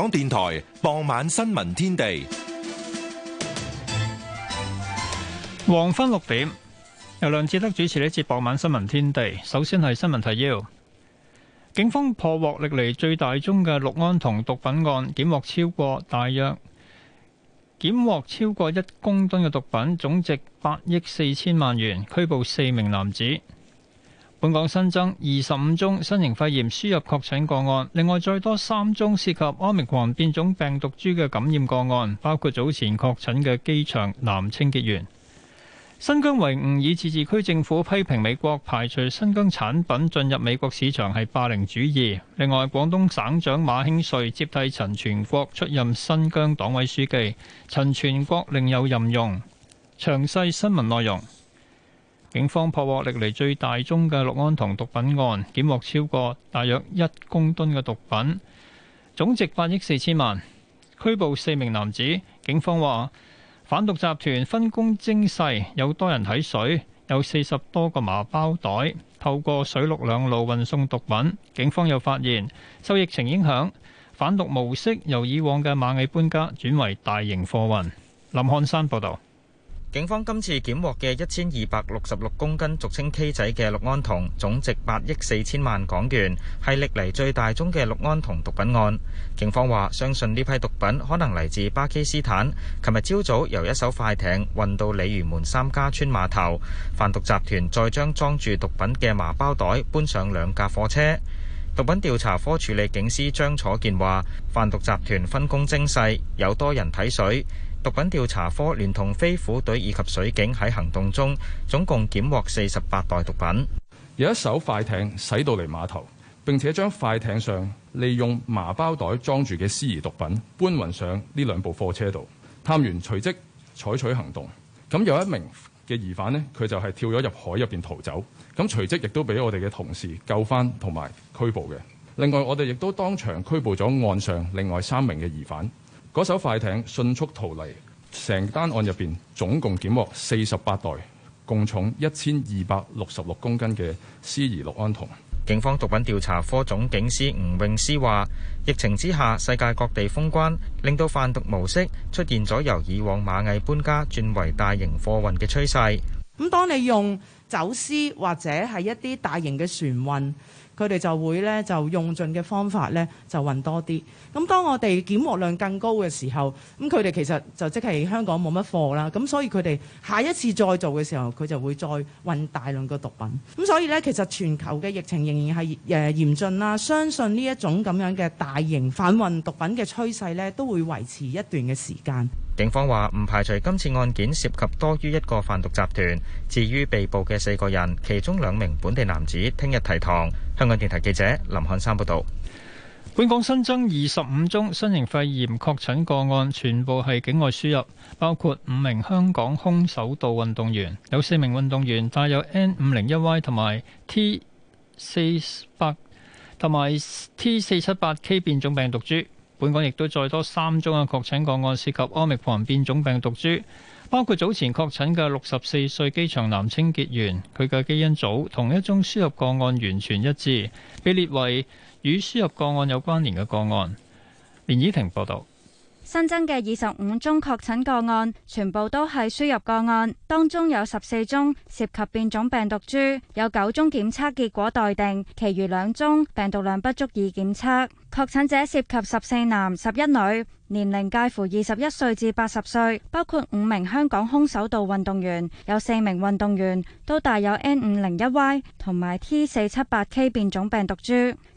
港電台傍晚新聞天地，黃昏六點由梁志德主持呢節傍晚新聞天地。首先係新聞提要：警方破獲歷嚟最大宗嘅氯胺酮毒品案，檢獲超過大約檢獲超過一公噸嘅毒品，總值八億四千萬元，拘捕四名男子。本港新增二十五宗新型肺炎輸入確診個案，另外再多三宗涉及奧密克戎變種病毒株嘅感染個案，包括早前確診嘅機場男清潔員。新疆維吾爾自治區政府批評美國排除新疆產品進入美國市場係霸凌主義，另外，廣東省長馬興瑞接替陳全國出任新疆黨委書記，陳全國另有任用。詳細新聞內容。警方破獲歷嚟最大宗嘅氯胺酮毒品案，檢獲超過大約一公噸嘅毒品，總值八億四千萬，拘捕四名男子。警方話販毒集團分工精細，有多人睇水，有四十多個麻包袋，透過水陸兩路運送毒品。警方又發現受疫情影響，販毒模式由以往嘅螞蟻搬家轉為大型貨運。林漢山報導。警方今次檢獲嘅一千二百六十六公斤，俗稱 K 仔嘅氯胺酮，總值八億四千萬港元，係歷嚟最大宗嘅氯胺酮毒品案。警方話，相信呢批毒品可能嚟自巴基斯坦。琴日朝早由一艘快艇運到鯉魚門三家村碼頭，販毒集團再將裝住毒品嘅麻包袋搬上兩架貨車。毒品調查科處理警司張楚健話，販毒集團分工精細，有多人睇水。毒品調查科連同飛虎隊以及水警喺行動中，總共檢獲四十八袋毒品。有一艘快艇駛到嚟碼頭，並且將快艇上利用麻包袋裝住嘅私疑毒品搬運上呢兩部貨車度。探員隨即採取行動，咁有一名嘅疑犯呢，佢就係跳咗入海入邊逃走。咁隨即亦都俾我哋嘅同事救翻同埋拘捕嘅。另外，我哋亦都當場拘捕咗岸上另外三名嘅疑犯。嗰艘快艇迅速逃離，成單案入邊總共檢獲四十八袋，共重一千二百六十六公斤嘅司綿氯胺酮。警方毒品調查科總警司吳泳詩話，疫情之下，世界各地封關，令到販毒模式出現咗由以往螞蟻搬家轉為大型貨運嘅趨勢。咁，當你用走私或者係一啲大型嘅船運。佢哋就會咧就用盡嘅方法咧就運多啲。咁當我哋檢獲量更高嘅時候，咁佢哋其實就即係香港冇乜貨啦。咁所以佢哋下一次再做嘅時候，佢就會再運大量嘅毒品。咁所以咧，其實全球嘅疫情仍然係誒、呃、嚴峻啦。相信呢一種咁樣嘅大型反運毒品嘅趨勢咧，都會維持一段嘅時間。警方話唔排除今次案件涉及多於一個販毒集團。至於被捕嘅四個人，其中兩名本地男子聽日提堂。香港電台記者林漢山報導。本港新增二十五宗新型肺炎確診個案，全部係境外輸入，包括五名香港空手道運動員，有四名運動員帶有 N 五零一 Y 同埋 T 四百同埋 T 四七八 K 變種病毒株。本港亦都再多三宗嘅確診個案涉及奧密克戎變種病毒株，包括早前確診嘅六十四歲機場男清潔員，佢嘅基因組同一宗輸入個案完全一致，被列為與輸入個案有關聯嘅個案。連依婷報道。新增嘅二十五宗確診個案，全部都係輸入個案，當中有十四宗涉及變種病毒株，有九宗檢測結果待定，其餘兩宗病毒量不足以檢測。確診者涉及十四男十一女，年齡介乎二十一歲至八十歲，包括五名香港空手道運動員，有四名運動員都帶有 N 五零一 Y 同埋 T 四七八 K 變種病毒株。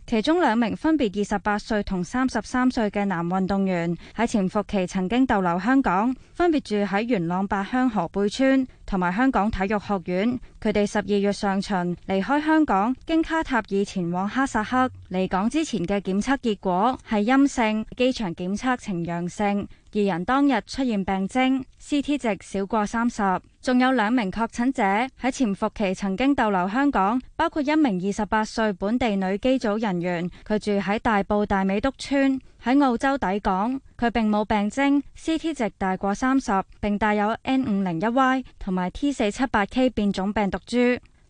其中兩名分別二十八歲同三十三歲嘅男運動員喺潛伏期曾經逗留香港，分別住喺元朗八鄉河背村，同埋香港體育學院，佢哋十二月上旬離開香港，經卡塔爾前往哈薩克。嚟港之前嘅檢測結果係陰性，機場檢測呈陽性，二人當日出現病徵，CT 值少過三十。仲有兩名確診者喺潛伏期曾經逗留香港，包括一名二十八歲本地女機組人員，佢住喺大埔大美督村。喺澳洲抵港，佢並冇病徵，CT 值大過三十，並帶有 N 五零一 Y 同埋 T 四七八 K 變種病毒株。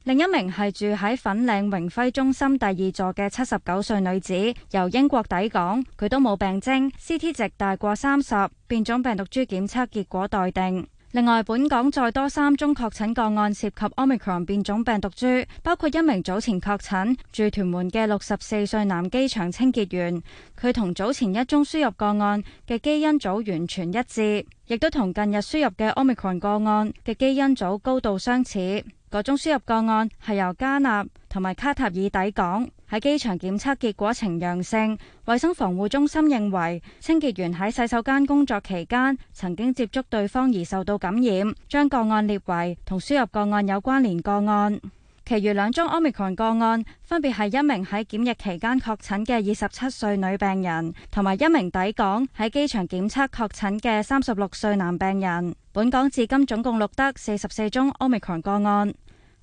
另一名係住喺粉嶺榮輝中心第二座嘅七十九歲女子，由英國抵港，佢都冇病徵，CT 值大過三十，變種病毒株檢測結果待定。另外，本港再多三宗確診個案涉及 Omicron 變種病毒株，包括一名早前確診住屯門嘅六十四歲男機場清潔員，佢同早前一宗輸入個案嘅基因組完全一致，亦都同近日輸入嘅 Omicron 個案嘅基因組高度相似。嗰宗輸入個案係由加納同埋卡塔爾抵港。喺機場檢測結果呈陽性，衛生防護中心認為清潔員喺洗手間工作期間曾經接觸對方而受到感染，將個案列為同輸入個案有關連個案。其餘兩宗 omicron 個案，分別係一名喺檢疫期間確診嘅二十七歲女病人，同埋一名抵港喺機場檢測確診嘅三十六歲男病人。本港至今總共錄得四十四宗 omicron 個案。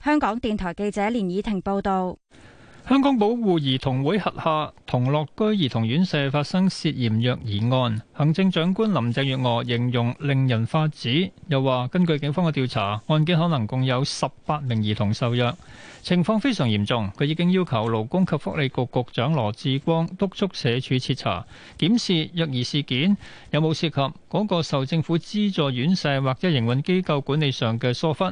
香港電台記者連以婷報導。香港保護兒童會下，同樂居兒童院舍發生涉嫌虐兒案，行政長官林鄭月娥形容令人髮指，又話根據警方嘅調查，案件可能共有十八名兒童受虐，情況非常嚴重。佢已經要求勞工及福利局局長羅志光督促社署徹查、檢視虐兒事件有冇涉及嗰個受政府資助院舍或者營運機構管理上嘅疏忽。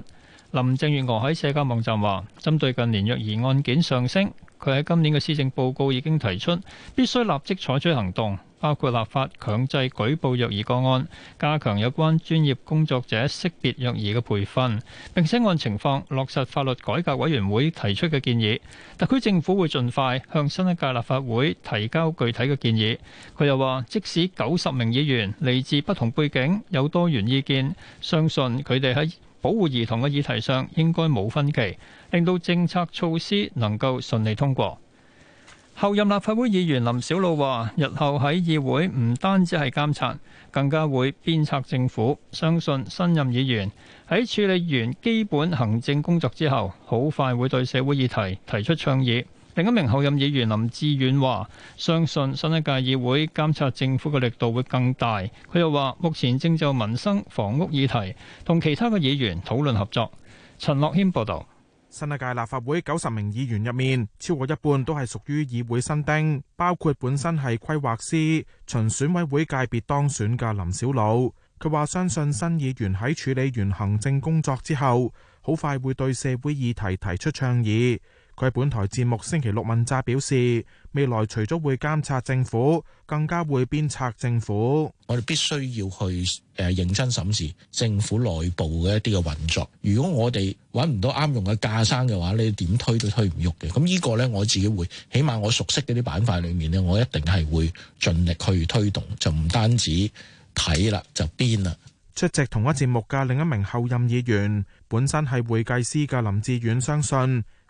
林鄭月娥喺社交網站話：針對近年虐兒案件上升，佢喺今年嘅施政報告已經提出必須立即採取行動，包括立法強制舉報虐兒個案，加強有關專業工作者識別虐兒嘅培訓，並且按情況落實法律改革委員會提出嘅建議。特區政府會盡快向新一屆立法會提交具體嘅建議。佢又話：即使九十名議員嚟自不同背景，有多元意見，相信佢哋喺保護兒童嘅議題上應該冇分歧，令到政策措施能夠順利通過。候任立法會議員林小露話，日後喺議會唔單止係監察，更加會鞭策政府。相信新任議員喺處理完基本行政工作之後，好快會對社會議題提出倡議。另一名候任議員林志遠話：相信新一屆議會監察政府嘅力度會更大。佢又話：目前正就民生房屋議題同其他嘅議員討論合作。陳樂軒報導。新一屆立法會九十名議員入面，超過一半都係屬於議會新丁，包括本身係規劃師、巡選委會界別當選嘅林小魯。佢話：相信新議員喺處理完行政工作之後，好快會對社會議題提出倡議。佢本台節目星期六問責表示，未來除咗會監察政府，更加會鞭策政府。我哋必須要去誒認真審視政府內部嘅一啲嘅運作。如果我哋揾唔到啱用嘅架生嘅話，你點推都推唔喐嘅。咁呢個咧，我自己會起碼我熟悉嗰啲板塊裏面咧，我一定係會盡力去推動，就唔單止睇啦，就鞭啦。出席同一節目嘅另一名候任議員，本身係會計師嘅林志遠相信。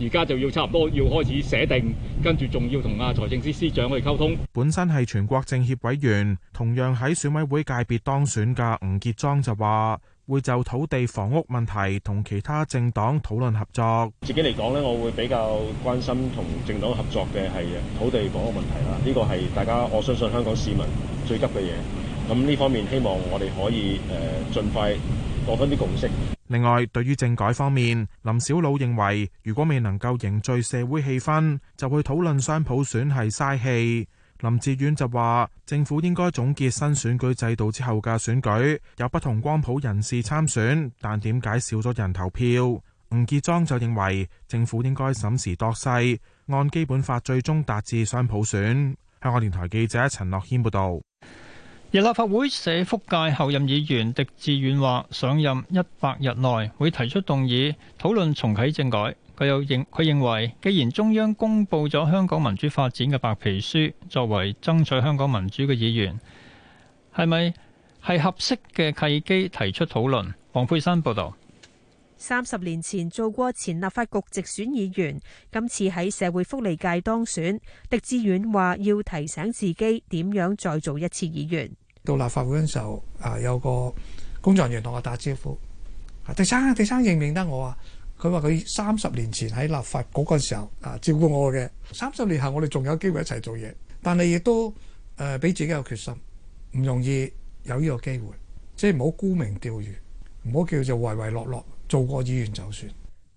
而家就要差唔多要開始寫定，跟住仲要同啊財政司司長去溝通。本身係全國政協委員，同樣喺選委會界別當選嘅吳傑莊就話會就土地房屋問題同其他政黨討論合作。自己嚟講咧，我會比較關心同政黨合作嘅係土地房屋問題啦。呢個係大家我相信香港市民最急嘅嘢。咁呢方面希望我哋可以誒盡快。講另外，對於政改方面，林小魯認為如果未能夠凝聚社會氣氛，就會討論雙普選係嘥氣。林志遠就話，政府應該總結新選舉制度之後嘅選舉，有不同光譜人士參選，但點解少咗人投票？吳傑莊就認為政府應該審時度勢，按基本法最終達至雙普選。香港電台記者陳樂軒報導。而立法會社福界候任議員狄志遠話：上任一百日內會提出動議討論重啟政改。佢又認佢認為，既然中央公布咗香港民主發展嘅白皮書，作為爭取香港民主嘅議員，係咪係合適嘅契機提出討論？黃佩山報道：三十年前做過前立法局直選議員，今次喺社會福利界當選。狄志遠話要提醒自己點樣再做一次議員。到立法會嗰陣時候，啊有個工作人員同我打招呼，地生地生認唔認得我啊？佢話佢三十年前喺立法嗰個時候啊照顧我嘅，三十年後我哋仲有機會一齊做嘢，但係亦都誒俾、呃、自己有決心，唔容易有呢個機會，即係唔好沽名釣譽，唔好叫做唯唯諾諾，做過議員就算。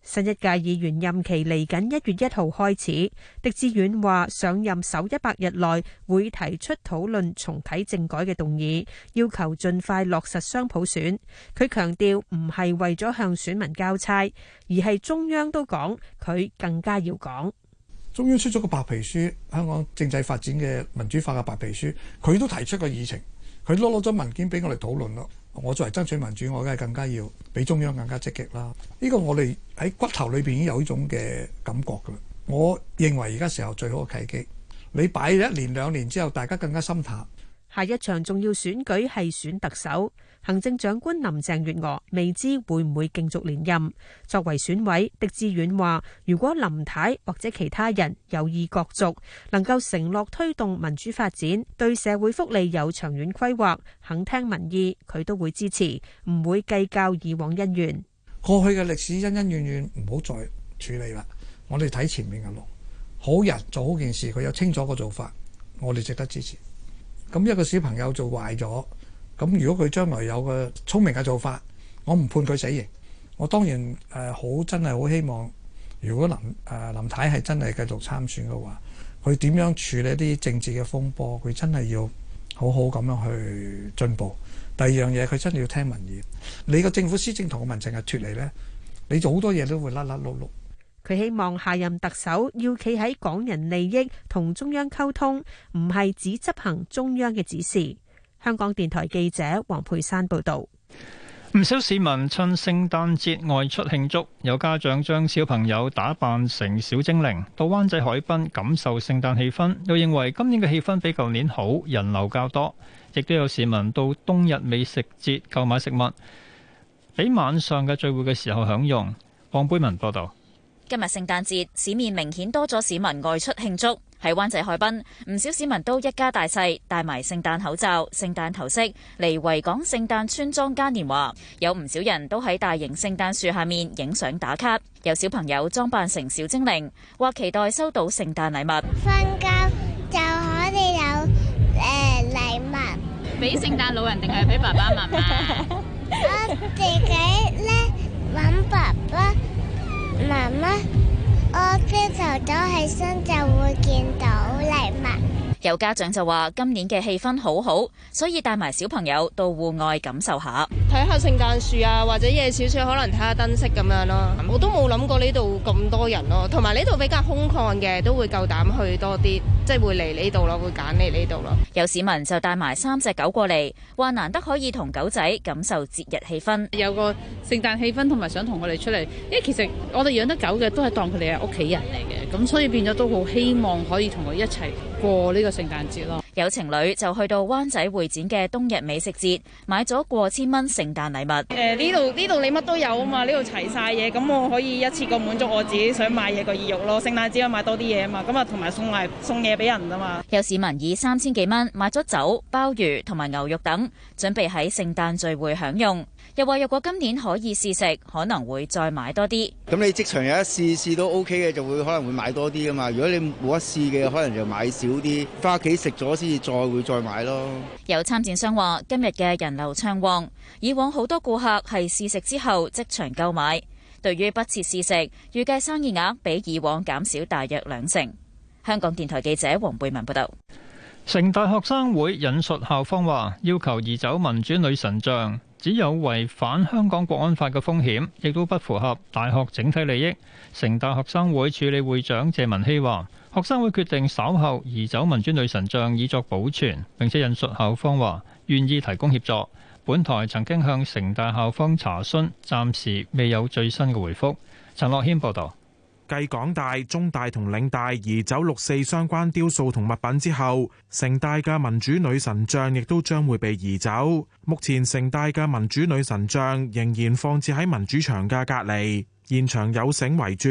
新一屆議員任期嚟緊，一月一號開始。狄志遠話，上任首一百日內會提出討論重啟政改嘅動議，要求盡快落實雙普選。佢強調唔係為咗向選民交差，而係中央都講，佢更加要講。中央出咗個白皮書，香港政制發展嘅民主化嘅白皮書，佢都提出個議程，佢攞攞咗文件俾我哋討論咯。我作為爭取民主，我梗係更加要比中央更加積極啦！呢個我哋喺骨頭裏邊已經有一種嘅感覺㗎喇。我認為而家時候最好嘅契機，你擺一年兩年之後，大家更加心淡。下一場重要選舉係選特首。行政長官林鄭月娥未知會唔會競逐連任。作為選委，狄志遠話：如果林太或者其他人有意角逐，能夠承諾推動民主發展，對社會福利有長遠規劃，肯聽民意，佢都會支持，唔會計較以往恩怨。過去嘅歷史恩恩怨怨唔好再處理啦。我哋睇前面嘅路，好人做好件事，佢有清楚嘅做法，我哋值得支持。咁一個小朋友做壞咗。咁如果佢將來有個聰明嘅做法，我唔判佢死刑。我當然誒好真係好希望，如果林誒林太係真係繼續參選嘅話，佢點樣處理啲政治嘅風波？佢真係要好好咁樣去進步。第二樣嘢，佢真係要聽民意。你個政府施政同個民情係脫離呢？你做好多嘢都會甩甩碌碌。佢希望下任特首要企喺港人利益同中央溝通，唔係只執行中央嘅指示。香港電台記者黃佩山報道，唔少市民趁聖誕節外出慶祝，有家長將小朋友打扮成小精靈，到灣仔海濱感受聖誕氣氛。又認為今年嘅氣氛比舊年好，人流較多，亦都有市民到冬日美食節購買食物，喺晚上嘅聚會嘅時候享用。黃佩文報道，今日聖誕節市面明顯多咗市民外出慶祝。喺灣仔海濱，唔少市民都一家大細，戴埋聖誕口罩、聖誕頭飾，嚟維港聖誕村莊嘉年華。有唔少人都喺大型聖誕樹下面影相打卡，有小朋友裝扮成小精靈，或期待收到聖誕禮物。瞓覺就可以有誒禮物，俾聖誕老人定係俾爸爸媽媽？我自己咧搵爸爸、媽媽。我朝早起身就會見到禮物。有家長就話今年嘅氣氛好好，所以帶埋小朋友到戶外感受下，睇下聖誕樹啊，或者夜少少可能睇下燈飾咁樣咯、啊。我都冇諗過呢度咁多人咯、啊，同埋呢度比較空曠嘅，都會夠膽去多啲。即係會嚟呢度咯，會揀嚟呢度咯。有市民就帶埋三隻狗過嚟，話難得可以同狗仔感受節日氣氛。有個聖誕氣氛，同埋想同我哋出嚟。因為其實我哋養得狗嘅都係當佢哋係屋企人嚟嘅，咁所以變咗都好希望可以同佢一齊過呢個聖誕節咯。有情侶就去到灣仔會展嘅冬日美食節，買咗過千蚊聖誕禮物。誒、呃，呢度呢度你乜都有啊嘛，呢度齊晒嘢，咁我可以一次過滿足我自己想買嘢個意欲咯。聖誕節啊，買多啲嘢啊嘛，咁啊同埋送禮送嘢。俾人啊嘛！有市民以三千幾蚊買咗酒、鮑魚同埋牛肉等，準備喺聖誕聚會享用。又話若果今年可以試食，可能會再買多啲。咁你即場有一試試都 OK 嘅，就會可能會買多啲吖嘛。如果你冇得試嘅，可能就買少啲。翻屋企食咗先至，再會再買咯。有參展商話，今日嘅人流暢旺，以往好多顧客係試食之後即場購買。對於不設試食，預計生意額比以往減少大約兩成。香港電台記者黃貝文報道，城大學生會引述校方話，要求移走民主女神像，只有違反香港國安法嘅風險，亦都不符合大學整體利益。城大學生會處理會長謝文希話，學生會決定稍後移走民主女神像以作保存，並且引述校方話願意提供協助。本台曾經向城大校方查詢，暫時未有最新嘅回覆。陳樂謙報道。繼港大、中大同嶺大移走六四相關雕塑同物品之後，城大嘅民主女神像亦都將會被移走。目前城大嘅民主女神像仍然放置喺民主牆嘅隔離，現場有繩圍住。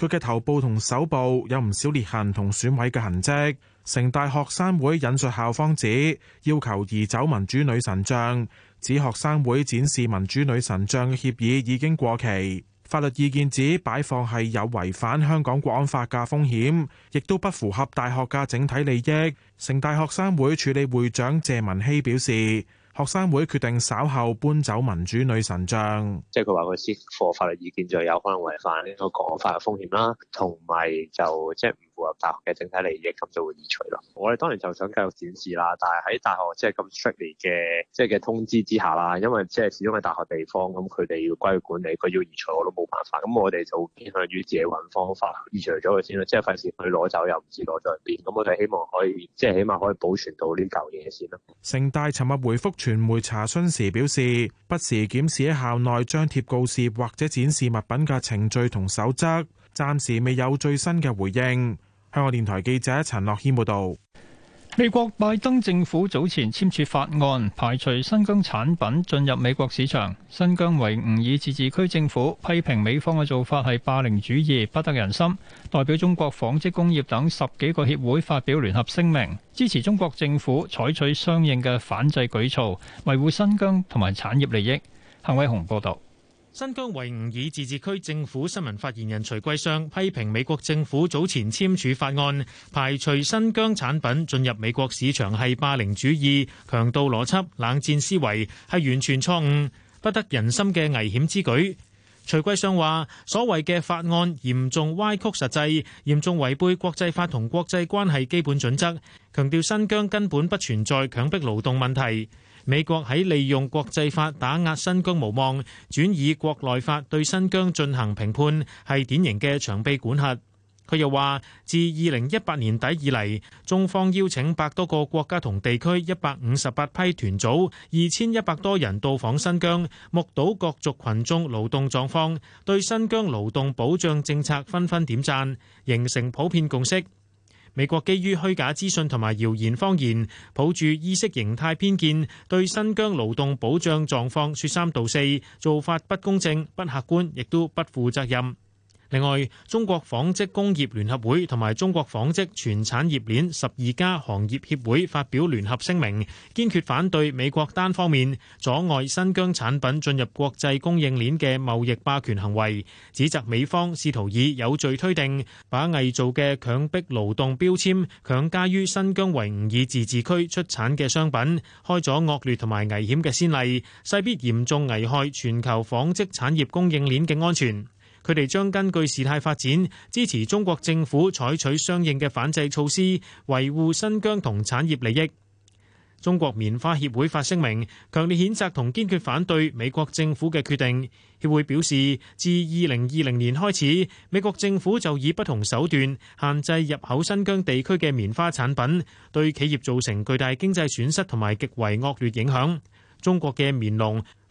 佢嘅頭部同手部有唔少裂痕同損毀嘅痕跡。城大學生會引述校方指，要求移走民主女神像，指學生會展示民主女神像嘅協議已經過期。法律意見指擺放係有違反香港國安法嘅風險，亦都不符合大學嘅整體利益。城大學生會處理會長謝文希表示，學生會決定稍後搬走民主女神像。即係佢話佢先課法律意見就有可能違反呢個國安法嘅風險啦，同埋就即係。符合大學嘅整體利益，咁就會移除咯。我哋當然就想繼續展示啦，但係喺大學即係咁出嚟嘅即係嘅通知之下啦，因為即係始終係大學地方，咁佢哋要歸管理，佢要移除我都冇辦法。咁我哋就偏向於自己揾方法移除咗佢先啦，即係費事佢攞走又唔知攞咗去邊。咁我哋希望可以即係起碼可以保存到呢嚿嘢先啦。城大尋日回覆傳媒查詢時表示，不時檢視喺校內張貼告示或者展示物品嘅程序同守則。暫時未有最新嘅回應。香港電台記者陳樂謙報道，美國拜登政府早前簽署法案，排除新疆產品進入美國市場。新疆維吾爾自治區政府批評美方嘅做法係霸凌主義，不得人心。代表中國紡織工業等十幾個協會發表聯合聲明，支持中國政府採取相應嘅反制舉措，維護新疆同埋產業利益。邢偉雄報道。新疆維吾爾自治區政府新聞發言人徐桂湘批評美國政府早前簽署法案，排除新疆產品進入美國市場係霸凌主義、強盜邏輯、冷戰思維，係完全錯誤、不得人心嘅危險之舉。徐桂湘話：所謂嘅法案嚴重歪曲實際，嚴重違背國際法同國際關係基本準則，強調新疆根本不存在強迫勞動問題。美國喺利用國際法打壓新疆無望，轉以國內法對新疆進行評判，係典型嘅長臂管轄。佢又話，自二零一八年底以嚟，中方邀請百多個國家同地區一百五十八批團組二千一百多人到訪新疆，目睹各族群眾勞動狀況，對新疆勞動保障政策紛紛點讚，形成普遍共識。美國基於虛假資訊同埋謠言謊言，抱住意識形態偏見，對新疆勞動保障狀況説三道四，做法不公正、不客觀，亦都不負責任。另外，中國紡織工業聯合會同埋中國紡織全產業鏈十二家行業協會發表聯合聲明，堅決反對美國單方面阻礙新疆產品進入國際供應鏈嘅貿易霸權行為，指責美方試圖以有罪推定，把偽造嘅強迫勞動標籤強加於新疆維吾爾自治區出產嘅商品，開咗惡劣同埋危險嘅先例，勢必嚴重危害全球紡織產業供應鏈嘅安全。佢哋將根據事態發展，支持中國政府採取相應嘅反制措施，維護新疆同產業利益。中國棉花協會發聲明，強烈譴責同堅決反對美國政府嘅決定。協會表示，自二零二零年開始，美國政府就以不同手段限制入口新疆地區嘅棉花產品，對企業造成巨大經濟損失同埋極為惡劣影響。中國嘅棉農，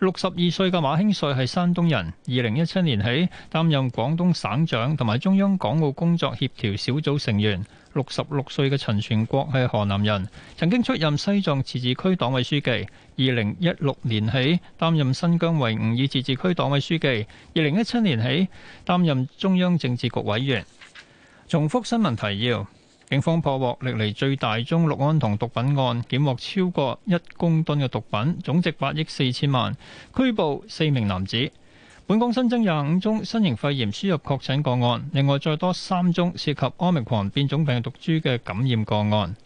六十二歲嘅馬興瑞係山東人，二零一七年起擔任廣東省長同埋中央港澳工作協調小組成員。六十六歲嘅陳全國係河南人，曾經出任西藏自治區黨委書記，二零一六年起擔任新疆維吾爾自治區黨委書記，二零一七年起擔任中央政治局委員。重複新聞提要。警方破獲歷嚟最大宗氯胺酮毒品案，檢獲超過一公噸嘅毒品，總值八億四千萬，拘捕四名男子。本港新增廿五宗新型肺炎輸入確診個案，另外再多三宗涉及奧密克戎變種病毒株嘅感染個案。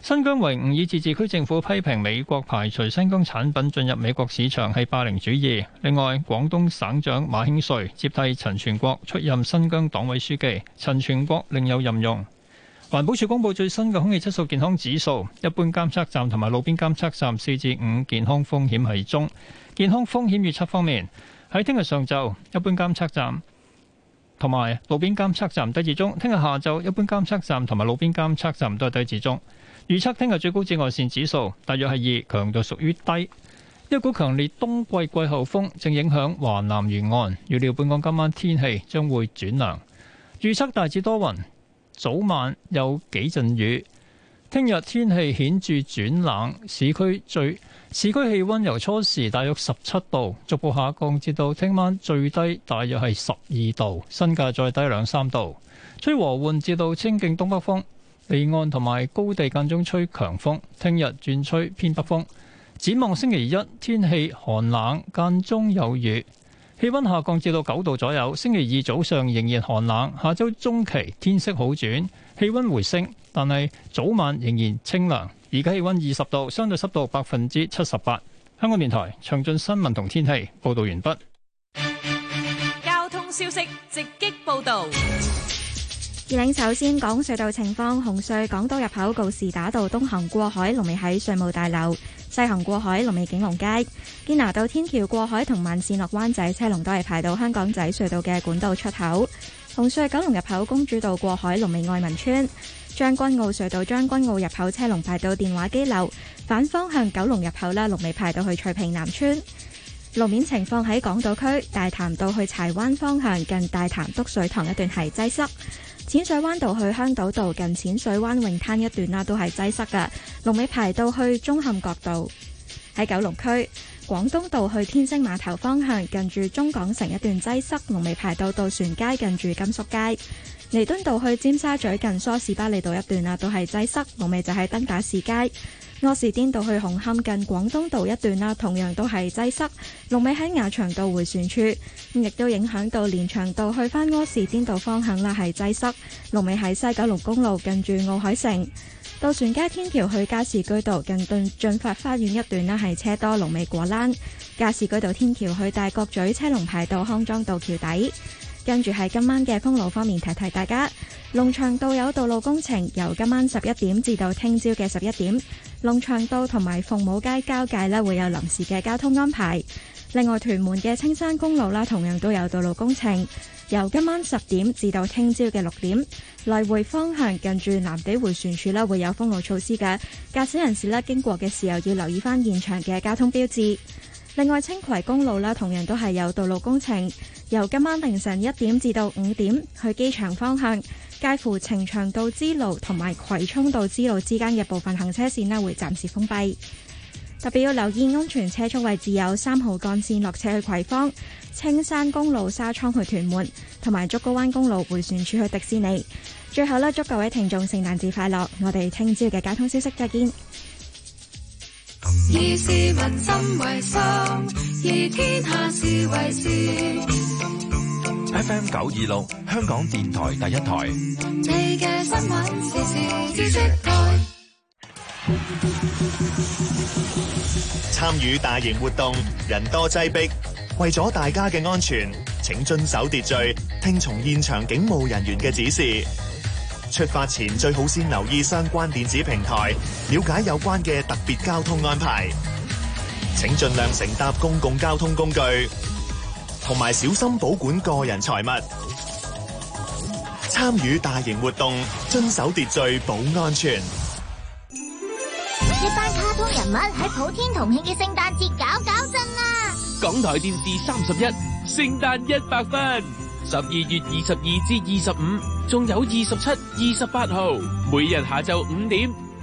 新疆維吾爾自治區政府批評美國排除新疆產品進入美國市場係霸凌主義。另外，廣東省長馬興瑞接替陳全國出任新疆黨委書記，陳全國另有任用。環保署公布最新嘅空氣質素健康指數，一般監測站同埋路邊監測站四至五健康風險係中。健康風險預測方面，喺聽日上晝一般監測站同埋路邊監測站低至中；聽日下晝一般監測站同埋路邊監測站都係低至中。預測聽日最高紫外線指數大約係二，強度屬於低。一股強烈冬季季候風正影響華南沿岸，預料本港今晚天氣將會轉涼，預測大致多雲。早晚有幾陣雨，聽日天氣顯著轉冷，市區最市區氣溫由初時大約十七度，逐步下降至到聽晚最低大約係十二度，新界再低兩三度，吹和緩至到清勁東北風離岸同埋高地間中吹強風，聽日轉吹偏北風，展望星期一，天氣寒冷，間中有雨。氣溫下降至到九度左右，星期二早上仍然寒冷。下周中期天色好轉，氣溫回升，但係早晚仍然清涼。而家氣溫二十度，相對濕度百分之七十八。香港電台詳盡新聞同天氣報道完畢。交通消息直擊報道。二領首先講隧道情況，紅隧港島入口告士打道東行過海龍尾喺稅務大樓，西行過海龍尾景隆街；堅拿道天橋過海同慢線落灣仔車龍都係排到香港仔隧道嘅管道出口。紅隧九龍入口公主道過海龍尾愛民村，將軍澳隧道將軍澳入口車龍排到電話機樓，反方向九龍入口啦，龍尾排到去翠屏南村。路面情況喺港島區大潭道去柴灣方向近大潭篤水塘一段係擠塞。淺水灣道去香島道近淺水灣泳灘一段啦，都係擠塞嘅。龍尾排到去中坎角道，喺九龍區。廣東道去天星碼頭方向近住中港城一段擠塞，龍尾排到渡船街近住甘肅街。彌敦道去尖沙咀近梳士巴利道一段啦，都係擠塞，龍尾就喺登打士街。柯士甸道去紅磡近廣東道一段啦，同樣都係擠塞。龍尾喺雅翔道回旋處，亦都影響到連翔道去翻柯士甸道方向啦，係擠塞。龍尾喺西九龍公路近住奧海城。渡船街天橋去加士居道近駿發花園一段啦，係車多龍尾果欄。加士居道天橋去大角咀車龍排到康莊道橋底，跟住喺今晚嘅封路方面提提大家，龍翔道有道路工程，由今晚十一點至到聽朝嘅十一點。龍翔道同埋鳳舞街交界咧，會有臨時嘅交通安排。另外，屯門嘅青山公路啦，同樣都有道路工程，由今晚十點至到聽朝嘅六點，來回方向近住藍地回旋處咧，會有封路措施嘅。駕駛人士咧，經過嘅時候要留意翻現場嘅交通標誌。另外，青葵公路啦同樣都係有道路工程，由今晚凌晨一點至到五點去機場方向，介乎呈祥道支路同埋葵涌道支路之間嘅部分行車線啦，會暫時封閉。特別要留意安全車速位置有三號幹綫落車去葵芳、青山公路沙涌去屯門，同埋竹篙灣公路回旋處去迪士尼。最後咧，祝各位聽眾聖誕節快樂！我哋聽朝嘅交通消息再見。以市民心為心，以天下事為先。FM 九二六香港電台第一台。參與大型活動，人多擠逼，為咗大家嘅安全，請遵守秩序，聽從現場警務人員嘅指示。出發前最好先留意相關電子平台，了解有關嘅特別交通安排。請盡量乘搭公共交通工具。同埋小心保管個人財物，參與大型活動，遵守秩序，保安全。一班卡通人物喺普天同慶嘅聖誕節搞搞震啦！港台電視三十一，聖誕一百分，十二月二十二至二十五，仲有二十七、二十八號，每日下晝五點。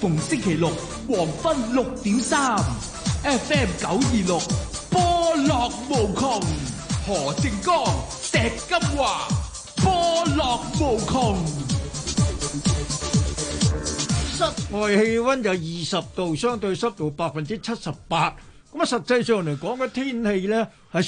逢星期六黃昏六點三，FM 九二六波樂無窮，何靜江、石金華波樂無窮。室外氣溫就二十度，相對濕度百分之七十八。咁啊，實際上嚟講嘅天氣咧係。